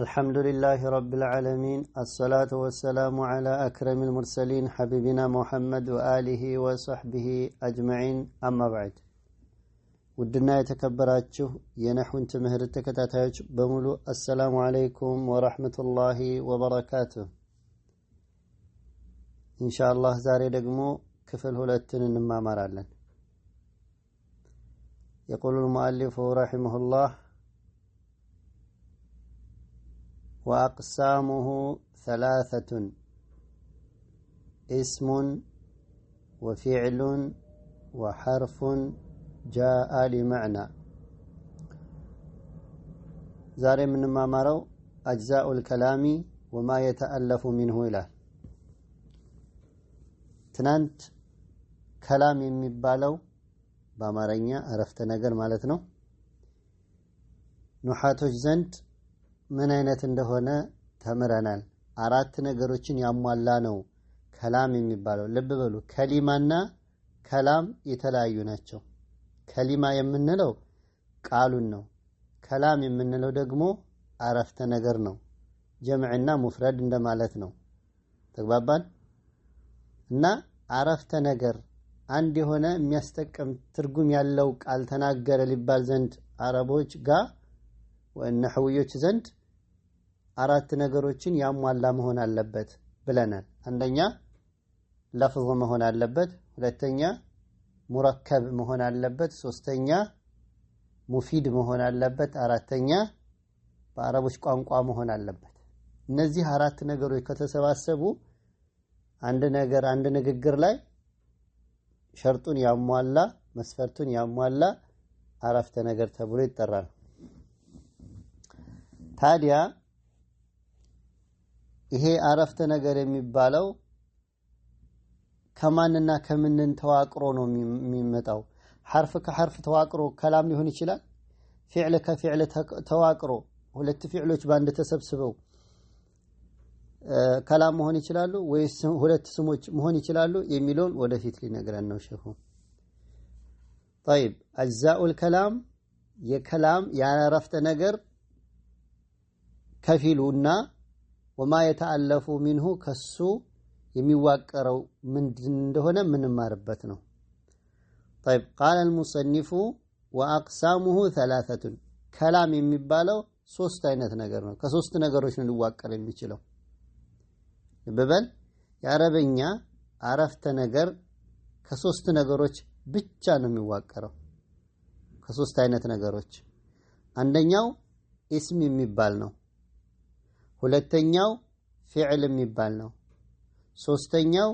الحمد لله رب العالمين الصلاة والسلام على أكرم المرسلين حبيبنا محمد وآله وصحبه أجمعين أما بعد ودنا يتكبراتشه ينحو انت مهرتك تتاج بملو السلام عليكم ورحمة الله وبركاته إن شاء الله زاري دقمو كفل هلتن نما يقول المؤلف رحمه الله وأقسامه ثلاثة اسم وفعل وحرف جاء لمعنى زاري من ما مروا أجزاء الكلام وما يتألف منه إلى تنانت كلام مبالو بامرنيا عرفت ነገር مالتنو نحاتو زنت ምን አይነት እንደሆነ ተምረናል። አራት ነገሮችን ያሟላ ነው ከላም የሚባለው። ልብ በሉ ከሊማና ከላም የተለያዩ ናቸው። ከሊማ የምንለው ቃሉን ነው። ከላም የምንለው ደግሞ አረፍተ ነገር ነው። ጀምዕና ሙፍረድ እንደማለት ነው። ተግባባን እና አረፍተ ነገር አንድ የሆነ የሚያስጠቅም ትርጉም ያለው ቃል ተናገረ ሊባል ዘንድ አረቦች ጋር ወነሐውዮች ዘንድ አራት ነገሮችን ያሟላ መሆን አለበት ብለናል። አንደኛ ለፍዝ መሆን አለበት፣ ሁለተኛ ሙረከብ መሆን አለበት፣ ሶስተኛ ሙፊድ መሆን አለበት፣ አራተኛ በአረቦች ቋንቋ መሆን አለበት። እነዚህ አራት ነገሮች ከተሰባሰቡ አንድ ነገር አንድ ንግግር ላይ ሸርጡን ያሟላ መስፈርቱን ያሟላ አረፍተ ነገር ተብሎ ይጠራል። ታዲያ ይሄ አረፍተ ነገር የሚባለው ከማንና ከምንን ተዋቅሮ ነው የሚመጣው? ሐርፍ ከሐርፍ ተዋቅሮ ከላም ሊሆን ይችላል። ፊዕል ከፊዕል ተዋቅሮ ሁለት ፊዕሎች በአንድ ተሰብስበው ከላም መሆን ይችላሉ ወይስ ሁለት ስሞች መሆን ይችላሉ የሚለውን ወደፊት ሊነግረን ነው ሼኹ። ጠይብ አጅዛኡል ከላም የከላም የአረፍተ ነገር ከፊሉና ወማ የተአለፉ ሚንሁ ከሱ የሚዋቀረው ምንድን እንደሆነ የምንማርበት ነው። ጠይብ ቃለ አልሙሰኒፉ ወአቅሳሙሁ ተላተቱን ከላም የሚባለው ሶስት አይነት ነገር ነው። ከሶስት ነገሮች ነው ሊዋቀር የሚችለው በበል የአረበኛ አረፍተ ነገር ከሶስት ነገሮች ብቻ ነው የሚዋቀረው። ከሶስት አይነት ነገሮች አንደኛው ኢስም የሚባል ነው። ሁለተኛው ፍዕል የሚባል ነው። ሶስተኛው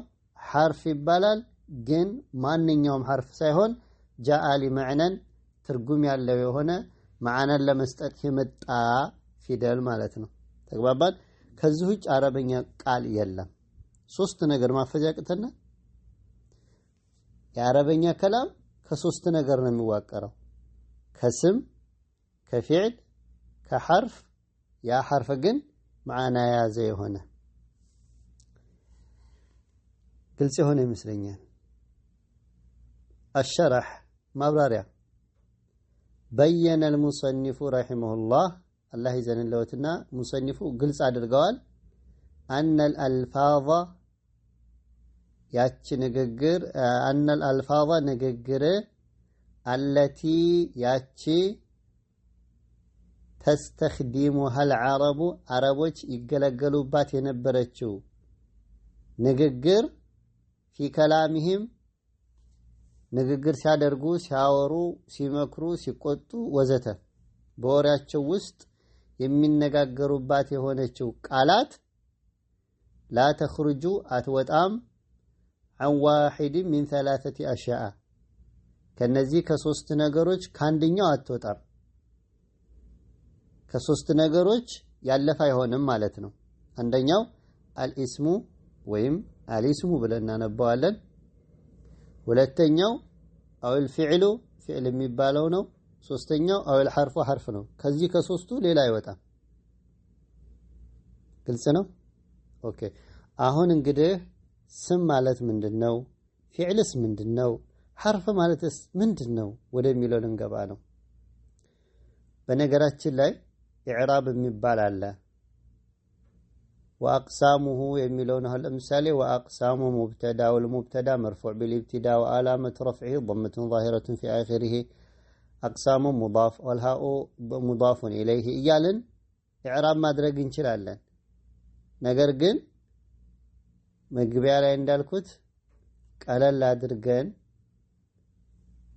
ሐርፍ ይባላል። ግን ማንኛውም ሐርፍ ሳይሆን ጃአሊ መዕነን ትርጉም ያለው የሆነ መዓናን ለመስጠት የመጣ ፊደል ማለት ነው። ተግባባን። ከዚህ ውጭ አረበኛ ቃል የለም። ሶስት ነገር ማፈጃቅተና የአረበኛ ከላም ከሶስት ነገር ነው የሚዋቀረው ከስም፣ ከፊዕል፣ ከሐርፍ ያ ሐርፍ ግን معنا يا زي هنا قلت هنا مسلنيا الشرح ما براريا بين المصنف رحمه الله الله يزن اللوتنا مصنف قلت سعد القول أن الألفاظ ياتش نققر أن الألفاظ نققر التي ياتشي ተስተኽዲሙሃል ዓረቡ አረቦች ይገለገሉባት የነበረችው ንግግር ፊ ከላሚህም ንግግር ሲያደርጉ፣ ሲያወሩ፣ ሲመክሩ፣ ሲቆጡ ወዘተ በወሬያቸው ውስጥ የሚነጋገሩባት የሆነችው ቃላት ላ ተኽርጁ አትወጣም አን ዋሒድን ሚን ሰላሰቲ አሻአ ከነዚህ ከሶስት ነገሮች ከአንደኛው አትወጣም። ከሶስት ነገሮች ያለፈ አይሆንም ማለት ነው። አንደኛው አልኢስሙ ወይም አልኢስሙ ብለን እናነባዋለን። ሁለተኛው አውል ፊዕሉ ፊዕል የሚባለው ነው። ሶስተኛው አውል ሐርፉ ሐርፍ ነው። ከዚህ ከሶስቱ ሌላ አይወጣም። ግልጽ ነው። ኦኬ አሁን እንግዲህ ስም ማለት ምንድን ነው? ፊዕልስ ምንድን ነው? ሐርፍ ማለትስ ምንድን ነው ወደሚለው ልንገባ ነው። በነገራችን ላይ ኢዕራብ የሚባል አለ። ወአቅሳሙሁ የሚለውን አሁን ለምሳሌ ወአቅሳሙ ሙብተዳ ወልሙብተዳ መርፉዕ ቢልኢብትዳ ወአላመት ረፍዒ ضመቱን ዛሂረቱን ፊ አኺሪሂ አቅሳሙ ሙዳፍ ወልሃኡ ሙዳፉን ኢለይሂ እያልን ኢዕራብ ማድረግ እንችላለን። ነገር ግን መግቢያ ላይ እንዳልኩት ቀለል አድርገን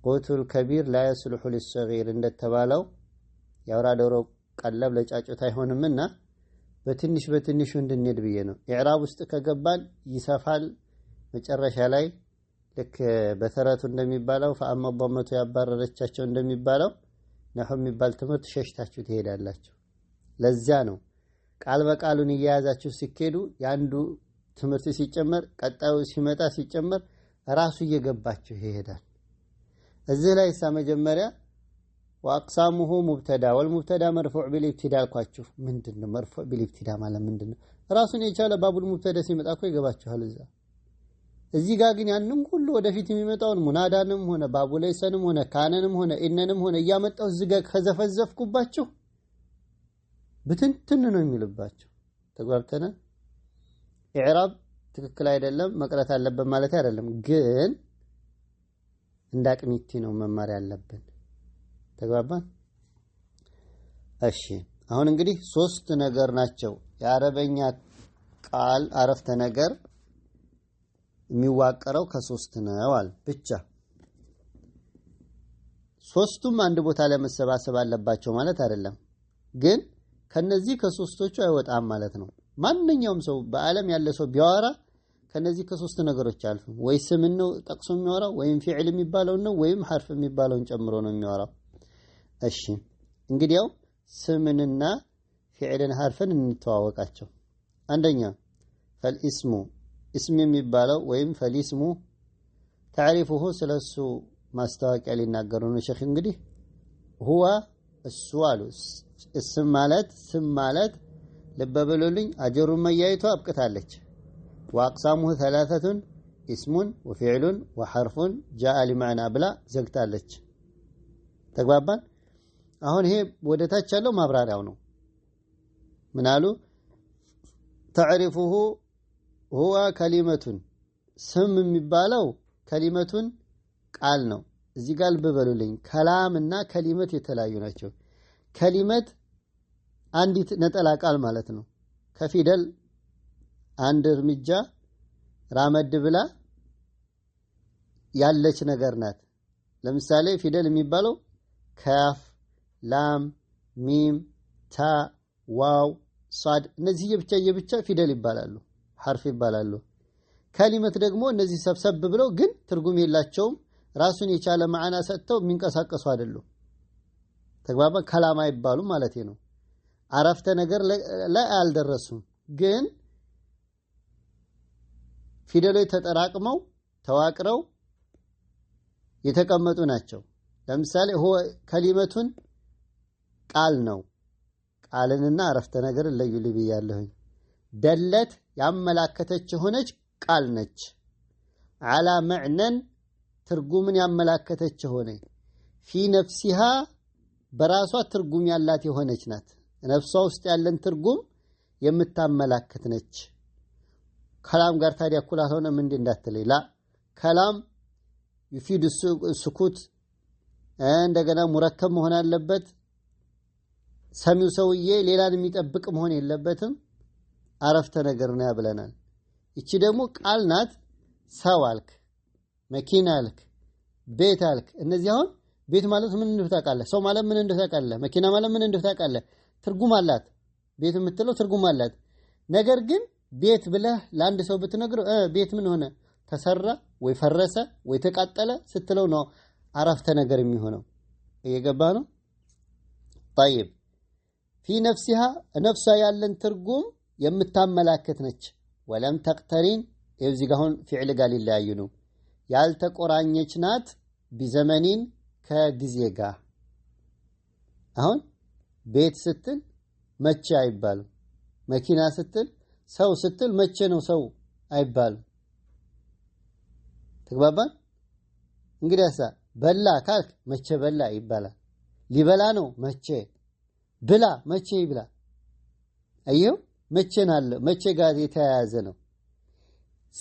ቁቱል ከቢር ላ የስልሑ ሊሰጊር እንደተባለው የአውራ ዶሮ ቀላብ ለጫጩት አይሆንምና በትንሽ በትንሹ እንድንሄድ ብዬ ነው። ኢዕራብ ውስጥ ከገባን ይሰፋል። መጨረሻ ላይ ልክ በተረቱ እንደሚባለው ፈአመ ያባረረቻቸው እንደሚባለው ነሑ የሚባል ትምህርት ሸሽታችሁ ትሄዳላችሁ። ለዚያ ነው ቃል በቃሉን እየያዛችሁ ሲኬዱ የአንዱ ትምህርት ሲጨመር ቀጣዩ ሲመጣ ሲጨመር ራሱ እየገባችሁ ይሄዳል። እዚህ ላይ እሳ መጀመሪያ ወአቅሳሙሁ ሙብተዳ ወልሙብተዳ መርፉዕ ቢልኢብቲዳ አልኳችሁ። ምንድን ነው መርፉዕ ቢልኢብቲዳ ማለት ምንድን ነው? ራሱን የቻለ ባቡል ሙብተዳ ሲመጣ እኮ ይገባችኋል እዛ። እዚህ ጋር ግን ያንም ሁሉ ወደፊት የሚመጣውን ሙናዳንም ሆነ ባቡለይሰንም ሆነ ካነንም ሆነ ኢነንም ሆነ እያመጣው እዚህ ጋር ከዘፈዘፍኩባችሁ ብትንትን ነው የሚልባችሁ። ተግባብተነ ኢዕራብ ትክክል አይደለም መቅረት አለብን ማለት አይደለም፣ ግን እንዳቅሚቲ ነው መማር ያለብን ተግባባን። እሺ አሁን እንግዲህ ሶስት ነገር ናቸው የአረበኛ ቃል አረፍተ ነገር የሚዋቀረው ከሶስት ነው አለ ብቻ። ሶስቱም አንድ ቦታ ላይ መሰባሰብ አለባቸው ማለት አይደለም፣ ግን ከነዚህ ከሶስቶቹ አይወጣም ማለት ነው። ማንኛውም ሰው በዓለም ያለ ሰው ቢያወራ ከነዚህ ከሶስት ነገሮች አልፉ ወይ ስምን ነው ጠቅሶ የሚያወራው ወይም ፊዕል የሚባለውን ነው ወይም ሐርፍ የሚባለውን ጨምሮ ነው የሚያወራው። እሺ እንግዲያው ስምንና ፊዕልን ሀርፍን እንተዋወቃቸው። አንደኛ ፈልኢስሙ እስም የሚባለው ወይም ፈልኢስሙ ታሪፉሁ ስለሱ ማስታወቂያ ሊናገሩ ነው ሸክ እንግዲህ ሁዋ እሱ አሉ። እስም ማለት ስም ማለት ልበ በሉልኝ፣ አጀሩን መያይቱ አብቅታለች። ወአቅሳሙሁ ተላተቱን ኢስሙን ወፊዕሉን ወሐርፉን ጃአ ሊማዕና ብላ ዘግታለች። ተግባባን። አሁን ይሄ ወደ ታች ያለው ማብራሪያው ነው። ምናሉ ተዕሪፉሁ ሁዋ ከሊመቱን ስም የሚባለው ከሊመቱን ቃል ነው። እዚህ ጋር ልብ በሉልኝ። ከላም እና ከሊመት የተለያዩ ናቸው። ከሊመት አንዲት ነጠላ ቃል ማለት ነው። ከፊደል አንድ እርምጃ ራመድ ብላ ያለች ነገር ናት። ለምሳሌ ፊደል የሚባለው ከያፍ ላም፣ ሚም፣ ታ፣ ዋው፣ ሷድ እነዚህ የብቻ የብቻ ፊደል ይባላሉ፣ ሐርፍ ይባላሉ። ከሊመት ደግሞ እነዚህ ሰብሰብ ብለው ግን ትርጉም የላቸውም። ራሱን የቻለ ማዕና ሰጥተው የሚንቀሳቀሱ አይደሉም። ተግባባ ከላም ይባሉ ማለት ነው። አረፍተ ነገር ላይ አልደረሱም፣ ግን ፊደሎች ተጠራቅመው ተዋቅረው የተቀመጡ ናቸው። ለምሳሌ ከሊመቱን ቃል ነው። ቃልንና አረፍተ ነገርን ልብ ያለሁኝ ደለት ያመላከተች የሆነች ቃል ነች። አላ መዕነን ትርጉምን ያመላከተች የሆነ ፊ ነፍሲሃ በራሷ ትርጉም ያላት የሆነች ናት። ነፍሷ ውስጥ ያለን ትርጉም የምታመላክት ነች። ከላም ጋር ታዲያ እኩል አልሆነም ምንድ እንዳትለይ። ላ ከላም ዩፊድ ስኩት እንደገና ሙረከብ መሆን አለበት። ሰሚው ሰውዬ ሌላን የሚጠብቅ መሆን የለበትም። አረፍተ ነገር ነው ያብለናል። እቺ ደግሞ ቃል ናት። ሰው አልክ፣ መኪና አልክ፣ ቤት አልክ። እነዚህ አሁን ቤት ማለት ምን እንደሆነ ታውቃለህ። ሰው ማለት ምን እንደሆነ ታውቃለህ። መኪና ማለት ምን እንደሆነ ታውቃለህ። ትርጉም አላት። ቤት የምትለው ትርጉም አላት። ነገር ግን ቤት ብለህ ለአንድ ሰው ብትነግረው ቤት ምን ሆነ ተሰራ ወይ ፈረሰ ወይ ተቃጠለ ስትለው ነው አረፍተ ነገር የሚሆነው። እየገባ ነው። ጠይብ ፊ ነፍሲሃ ነፍሷ ያለን ትርጉም የምታመላክት ነች። ወለም ተቅተሪን ይው ዚጋ ፊዕል ጋር ሊለያዩ ነው። ያልተቆራኘች ናት ቢዘመኒን ከጊዜ ጋር አሁን ቤት ስትል መቼ አይባልም። መኪና ስትል ሰው ስትል መቼ ነው ሰው አይባልም። ተግባባን? እንግዲያሳ በላ ካልክ መቼ በላ ይባላል። ሊበላ ነው መቼ ብላ መቼ ይብላ? አየው መቼን አለው መቼ ጋር የተያያዘ ነው።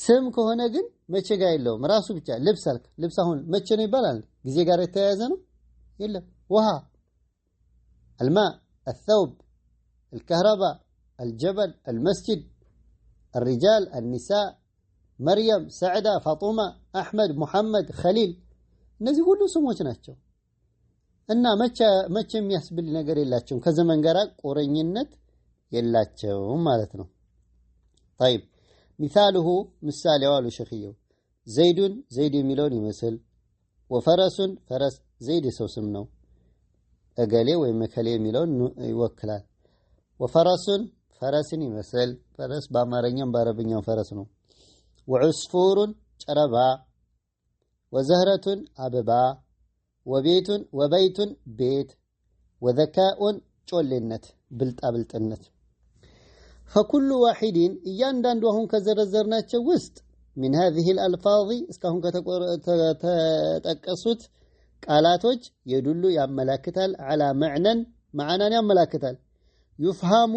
ስም ከሆነ ግን መቼ ጋር የለውም ራሱ ብቻ። ልብስ አልክ፣ ልብስ አሁን መቼ ነው ይባላል? ጊዜ ጋር የተያያዘ ነው የለም። ውሃ አልማ አልተውብ አልከህረባ አልጀበል አልመስጅድ አልሪጃል አልኒሳእ መርየም ሰዕዳ ፋጡማ አሕመድ ሙሐመድ ኸሊል እነዚህ ሁሉ ስሞች ናቸው። እና መቼ የሚያስብል ነገር የላቸውም። ከዘመን ጋር ቁርኝነት የላቸውም ማለት ነው። ጠይብ ሚሳልሁ ምሳሌ አሉ ሸክየው ዘይዱን ዘይድ የሚለውን ይመስል ወፈረሱን ፈረስ ዘይድ የሰው ስም ነው። እገሌ ወይም እከሌ የሚለውን ይወክላል። ወፈረሱን ፈረስን ይመስል ፈረስ በአማርኛም በአረብኛም ፈረስ ነው። ወዑስፉሩን ጨረባ፣ ወዘህረቱን አበባ وبيت وبيت بيت وذكاء جولينت بلت أبلتنت فكل واحد ياندان دوهم كزرزرنا تشوست من هذه الألفاظ استهم كتكسوت كالاتوج يدل يا ملاكتال على معنى معنى يا ملاكتال يفهم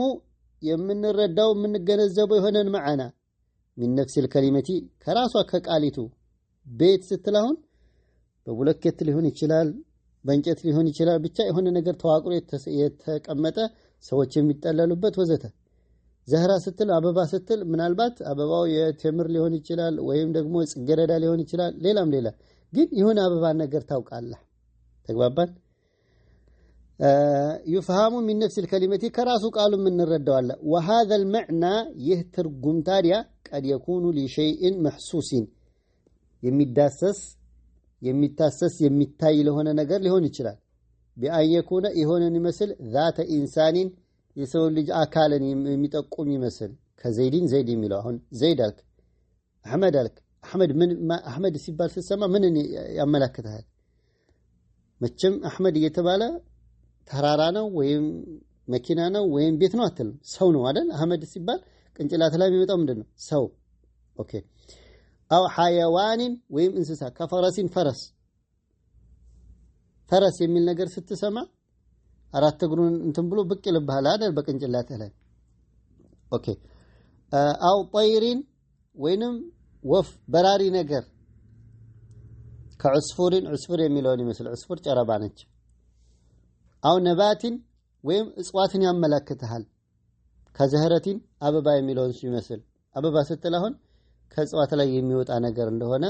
يمن الردو من الجنزب هنا معنا من نفس الكلمة كراس وكك بيت ست በቡለኬት ሊሆን ይችላል፣ በእንጨት ሊሆን ይችላል። ብቻ የሆነ ነገር ተዋቅሮ የተቀመጠ ሰዎች የሚጠለሉበት ወዘተ። ዘህራ ስትል አበባ ስትል ምናልባት አበባው የቴምር ሊሆን ይችላል፣ ወይም ደግሞ ጽጌረዳ ሊሆን ይችላል። ሌላም ሌላ ግን የሆነ አበባ ነገር ታውቃለህ። ተግባባን። ዩፍሃሙ ሚን ነፍስ ልከሊመቲ ከራሱ ቃሉ የምንረዳዋለ። ወሃዘ ልመዕና ይህ ትርጉም ታዲያ ቀድ የኩኑ ሊሸይእን መሕሱሲን የሚዳሰስ የሚታሰስ የሚታይ ለሆነ ነገር ሊሆን ይችላል። ቢአን የኩነ የሆነን ይመስል ዛተ ኢንሳኒን የሰው ልጅ አካልን የሚጠቁም ይመስል ከዘይድን ዘይድ የሚለው አሁን ዘይድ አልክ፣ አሕመድ አልክ። አሕመድ ሲባል ስትሰማ ምንን ያመላክትሃል? መቼም አሕመድ እየተባለ ተራራ ነው ወይም መኪና ነው ወይም ቤት ነው አትልም። ሰው ነው አይደል? አሕመድ ሲባል ቅንጭላት ላይ የሚመጣው ምንድን ነው? ሰው ኦኬ አው ሐየዋንን ወይም እንስሳ ከፈረሲን ፈረስ ፈረስ የሚል ነገር ስትሰማ አራት እግሩን እንትን ብሎ ብቅ ይልብሃል አይደል? በቅንጭላትህ ላይ ኦኬ። አው ጠይሪን ወይንም ወፍ በራሪ ነገር ከዑስፉሪን ዑስፉር የሚለውን ይመስል ዑስፉር ጨረባ ነች። አው ነባቲን ወይም እጽዋትን ያመላክትሃል። ከዘህረቲን አበባ የሚለውን ይመስል አበባ ስትል አሁን ከእጽዋት ላይ የሚወጣ ነገር እንደሆነ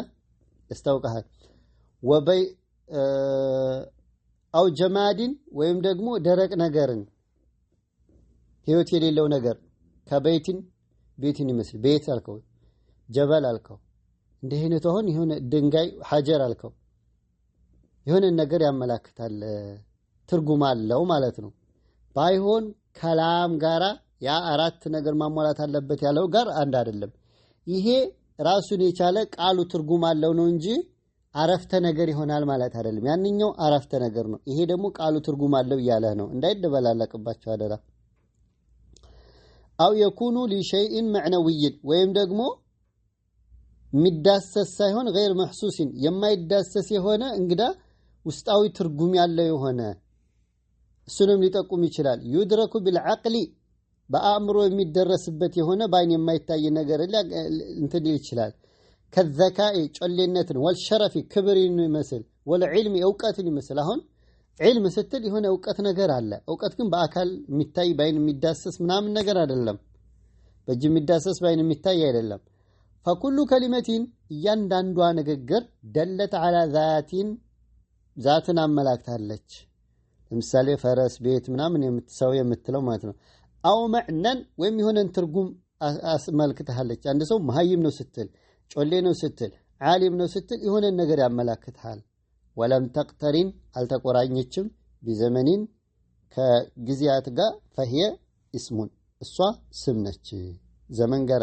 ያስታውቃል። ወበይ አው ጀማዲን ወይም ደግሞ ደረቅ ነገርን ህይወት የሌለው ነገር ከቤትን ቤትን ይመስል ቤት አልከው፣ ጀበል አልከው፣ እንዲህ አይነቱ አሁን የሆነ ድንጋይ ሀጀር አልከው የሆነ ነገር ያመላክታል፣ ትርጉም አለው ማለት ነው። ባይሆን ከላም ጋራ ያ አራት ነገር ማሟላት አለበት ያለው ጋር አንድ አይደለም። ይሄ ራሱን የቻለ ቃሉ ትርጉም አለው ነው እንጂ አረፍተ ነገር ይሆናል ማለት አይደለም። ያንኛው አረፍተ ነገር ነው፣ ይሄ ደግሞ ቃሉ ትርጉም አለው እያለህ ነው። እንዳይደበላለቅባቸው አደራ። አው የኩኑ ሊሸይኢን መዕነዊይን ወይም ደግሞ የሚዳሰስ ሳይሆን ገይር መሕሱሲን የማይዳሰስ የሆነ እንግዳ ውስጣዊ ትርጉም ያለው የሆነ እሱንም ሊጠቁም ይችላል። ዩድረኩ ቢልዓቅሊ በአእምሮ የሚደረስበት የሆነ በአይን የማይታይ ነገር እንትን ሊል ይችላል። ከዘካ ጮሌነትን ወልሸረፊ ክብርን ይመስል ወልዕልሚ እውቀትን ይመስል አሁን ዕልም ስትል የሆነ እውቀት ነገር አለ። እውቀት ግን በአካል የሚታይ በአይን የሚዳሰስ ምናምን ነገር አይደለም። በእጅ የሚዳሰስ በአይን የሚታይ አይደለም። ፈኩሉ ከሊመቲን እያንዳንዷ ንግግር ደለት ዓላ ዛቲን ዛትን አመላክታለች። ለምሳሌ ፈረስ፣ ቤት ምናምን ሰው የምትለው ማለት ነው። አው መዕነን ወይም የሆነን ትርጉም አስመልክትሃለች። አንድ ሰው መሀይም ነው ስትል፣ ጮሌ ነው ስትል፣ ዓሊም ነው ስትል የሆነን ነገር ያመላክትሃል። ወለም ተቅተሪን አልተቆራኘችም ቢዘመኒን ከጊዜያት ጋር ፈህየ ኢስሙን እሷ ስም ነች። ዘመን ጋር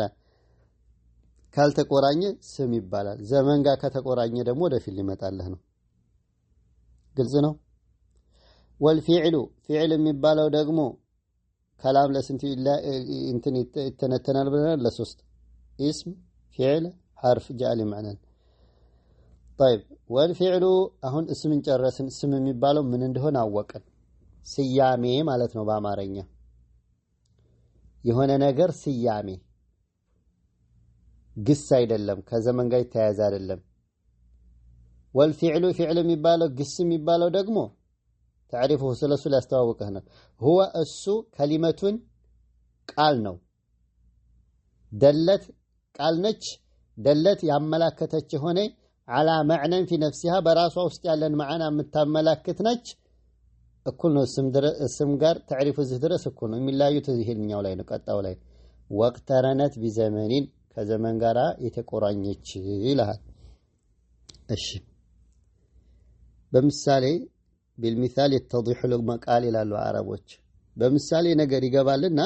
ካልተቆራኘ ስም ይባላል። ዘመን ጋር ከተቆራኘ ደግሞ ወደፊት ሊመጣልህ ነው። ግልጽ ነው። ወልፊዕሉ ፊዕል የሚባለው ደግሞ ከላም ለስንት እንትን ይተነተናል ብለናል። ለሶስት ኢስም፣ ፊዕል፣ ሐርፍ ጃሊ ማዕነን ጠይብ። ወልፊዕሉ አሁን እስምን ጨረስን። ስም የሚባለው ምን እንደሆነ አወቅን። ስያሜ ማለት ነው በአማርኛ የሆነ ነገር ስያሜ ግስ አይደለም። ከዘመን ጋር ይተያያዝ አይደለም። ወልፊዕሉ ፊዕል የሚባለው ግስ የሚባለው ደግሞ ተዕሪፉ ስለ እሱ ሊያስተዋውቅህ ነው። ሁወ እሱ ከሊመቱን ቃል ነው። ደለት ቃል ነች። ደለት ያመላከተች የሆነ አላ መዕነን ፊ ነፍሲሃ በራሷ ውስጥ ያለን መዓና የምታመላክት ነች። እኩል ነው። ስም ጋር ተዕሪፉ እዚህ ድረስ እኩል ነው። የሚለያዩት ይሄኛው ላይ ነው፣ ቀጣው ላይ ወቅተረነት ቢዘመኒን ከዘመን ጋር የተቆራኘች ይልሃል። እሺ በምሳሌ ቢልሚሳል የተዲሑ መቃል ይላሉ አረቦች። በምሳሌ ነገር ይገባልና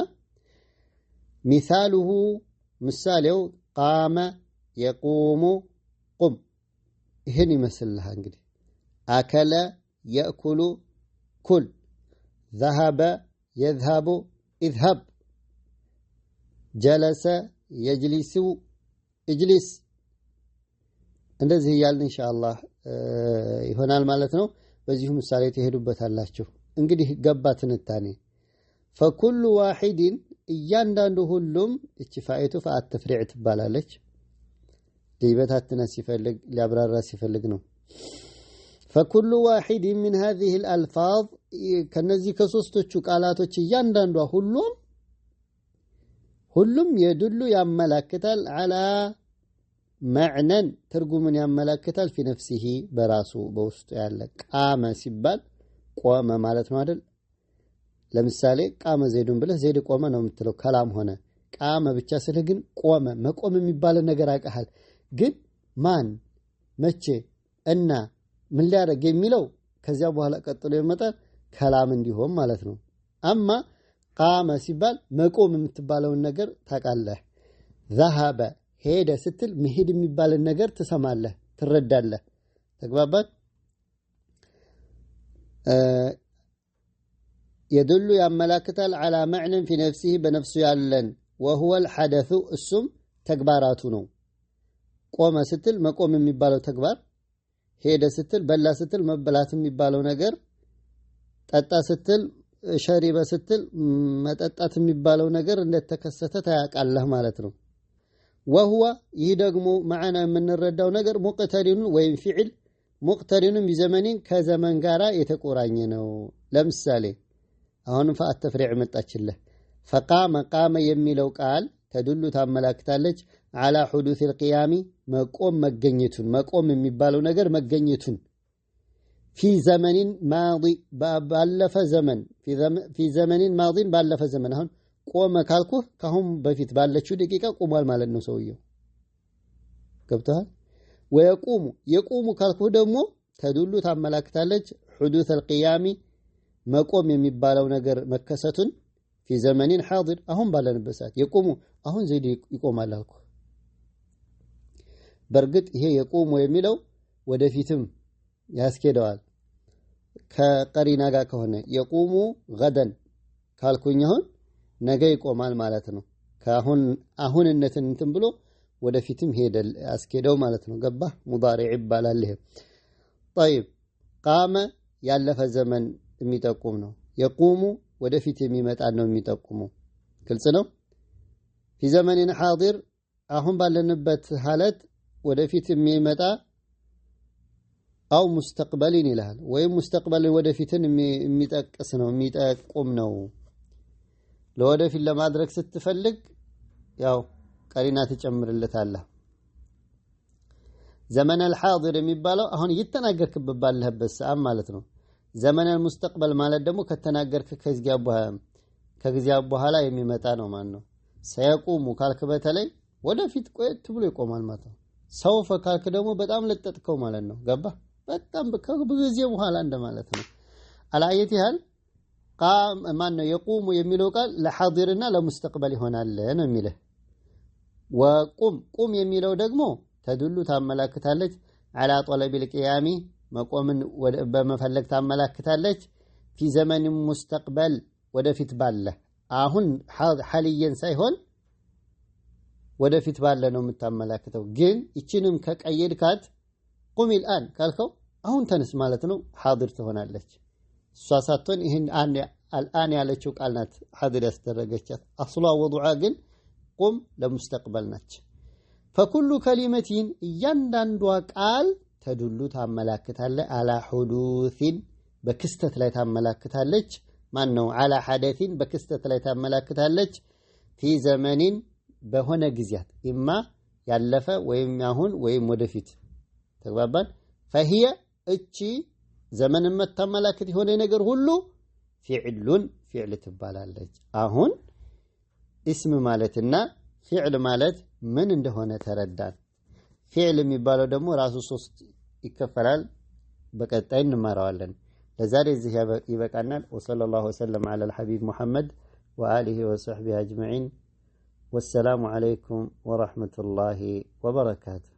ሚሳልሁ ምሳሌው ቃመ የቁሙ ቁም ይህን ይመስልልሃ እንግዲህ አከለ የእኩሉ ኩል ዘሃበ የዝሃቡ ኢዝሀብ ጀለሰ የጅሊሱ እጅሊስ እንደዚህ እያልን እንሻ አላህ ይሆናል ማለት ነው። በዚሁ ምሳሌ ትሄዱበታላችሁ። እንግዲህ ገባ ትንታኔ ፈኩሉ ዋሒድን እያንዳንዱ ሁሉም እቺ ፋኢቱ ፈአት ተፍሪዕ ትባላለች። ሊበታትና ሲፈልግ ሊያብራራ ሲፈልግ ነው። ፈኩሉ ዋሒድን ምን ሃዚህ አልአልፋዝ ከነዚህ ከሶስቶቹ ቃላቶች እያንዳንዷ ሁሉም ሁሉም የድሉ ያመላክታል አላ መዕነን ትርጉምን ያመላክታል። ፊ በራሱ በውስጡ ያለ ቃመ ሲባል ቆመ ማለት ነው አይደል? ለምሳሌ ቃመ ዘይዱን ብለህ ዘይድ ቆመ ነው የምትለው ከላም ሆነ ቃመ ብቻ ስልህ ግን ቆመ መቆም የሚባለን ነገር አውቀሃል። ግን ማን መቼ እና ምን ሊያደርግ የሚለው ከዚያ በኋላ ቀጥሎ ይመጣል ከላም እንዲሆን ማለት ነው። አማ ቃመ ሲባል መቆም የምትባለውን ነገር ታውቃለህ። ዘሀበ ሄደ ስትል መሄድ የሚባልን ነገር ትሰማለህ፣ ትረዳለህ። ተግባባን። የድሉ ያመላክታል። ዓላ መዕነን ፊ ነፍሲህ በነፍሱ ያለን ወሁወል ሐደሱ እሱም ተግባራቱ ነው። ቆመ ስትል መቆም የሚባለው ተግባር፣ ሄደ ስትል በላ ስትል መበላት የሚባለው ነገር፣ ጠጣ ስትል ሸሪበ ስትል መጠጣት የሚባለው ነገር እንደተከሰተ ታያቃለህ ማለት ነው። ወህወ ይህ ደግሞ ማዕና የምንረዳው ነገር ሙቅተሪኑን ወይም ፊዕል ሙቅተሪኑን ቢዘመኒን ከዘመን ጋር የተቆራኘ ነው። ለምሳሌ አሁንም ፈአት ተፍሪዕ መጣችለህ። ፈቃመ ቃመ የሚለው ቃል ተድሉ ታመላክታለች አላ ሑዱት ልቅያሚ መቆም መገኘቱን መቆም የሚባለው ነገር መገኘቱን ፊ ዘመኒን ማዲ ባለፈ ዘመን ፊ ዘመኒን ማዲን ባለፈ ዘመን አሁን ቆመ ካልኩህ ከአሁን በፊት ባለችው ደቂቃ ቁሟል ማለት ነው ሰውየው። ገብተሃል። ወየቁሙ የቁሙ ካልኩህ ደግሞ ተዱሉ ታመላክታለች ሑዱት አልቅያሚ መቆም የሚባለው ነገር መከሰቱን ፊ ዘመኒን ሓዲር አሁን ባለንበት ሰዓት የቁሙ አሁን ዘይድ ይቆማል አልኩ። በእርግጥ ይሄ የቁሙ የሚለው ወደፊትም ያስኬደዋል ከቀሪና ጋር ከሆነ የቁሙ ገደን ካልኩኝ አሁን ነገ ይቆማል ማለት ነው። ከአሁን አሁንነትን እንትን ብሎ ወደፊትም ሄደ አስኬደው ማለት ነው። ገባ ሙዳሪዕ ይባላል ይሄ። ጠይብ ቃመ ያለፈ ዘመን የሚጠቁም ነው። የቁሙ ወደፊት የሚመጣን ነው የሚጠቁሙ። ግልጽ ነው። ፊ ዘመንን ሓዲር አሁን ባለንበት ሀለት ወደፊት የሚመጣ አው ሙስተቅበልን ይላል ወይም ሙስተቅበልን ወደፊትን የሚጠቅስ ነው የሚጠቁም ነው። ለወደፊት ለማድረግ ስትፈልግ ያው ቀሪና ትጨምርለታለህ። ዘመነል ሓዲር የሚባለው አሁን እየተናገርክበት ባለህበት ሰዓት ማለት ነው። ዘመነል ሙስተቅበል ማለት ደግሞ ከተናገርክ ከጊዜያ በኋላ የሚመጣ ነው ማለት ነው። ሰየቁሙ ካልክ በተለይ ወደፊት ቆየት ብሎ ይቆማል ማለት ነው። ሰውፈ ካልክ ደግሞ በጣም ለጠጥከው ማለት ነው። ገባ በጣም ከብዙ ጊዜ በኋላ እንደማለት ነው። አላየት ያህል ማን ነው የቁሙ የሚለው ቃል ለሐዲርና ለሙስተቅበል ይሆናል ነው የሚልህ። ወቁም ቁም የሚለው ደግሞ ተድሉ ታመላክታለች። አላ ጠለቢል ቅያሚ መቆምን በመፈለግ ታመላክታለች። ፊ ዘመን ሙስተቅበል ወደፊት ባለ አሁን ሐልየን ሳይሆን ወደፊት ባለ ነው የምታመላክተው። ግን ይችንም ከቀየድካት ቁም ልአን ካልከው አሁን ተነስ ማለት ነው ሐዲር ትሆናለች። እሷ ሳትሆን ይህን አልአን ያለችው ቃል ናት ሐድር ያስደረገቻት። አስሏ ወዱዓ ግን ቁም ለሙስተቅበል ናች። ፈኩሉ ከሊመቲን እያንዳንዷ ቃል ተዱሉ ታመላክታለች አላ ሑዱሲን በክስተት ላይ ታመላክታለች። ማን ነው አላ ሐደሲን በክስተት ላይ ታመላክታለች። ፊ ዘመኒን በሆነ ጊዜያት ኢማ ያለፈ ወይም አሁን ወይም ወደፊት ተግባባን። ፈሂየ እቺ زمن متملكت هنا نجر هلو فعل فعل تبالالج أهون اسم مالتنا فعل مالت من عند هنا تردد فعل مبالو دمو راسو صوت يكفرال بكتين مراولن لزاري زيها يبقى وصلى الله وسلم على الحبيب محمد وآله وصحبه أجمعين والسلام عليكم ورحمة الله وبركاته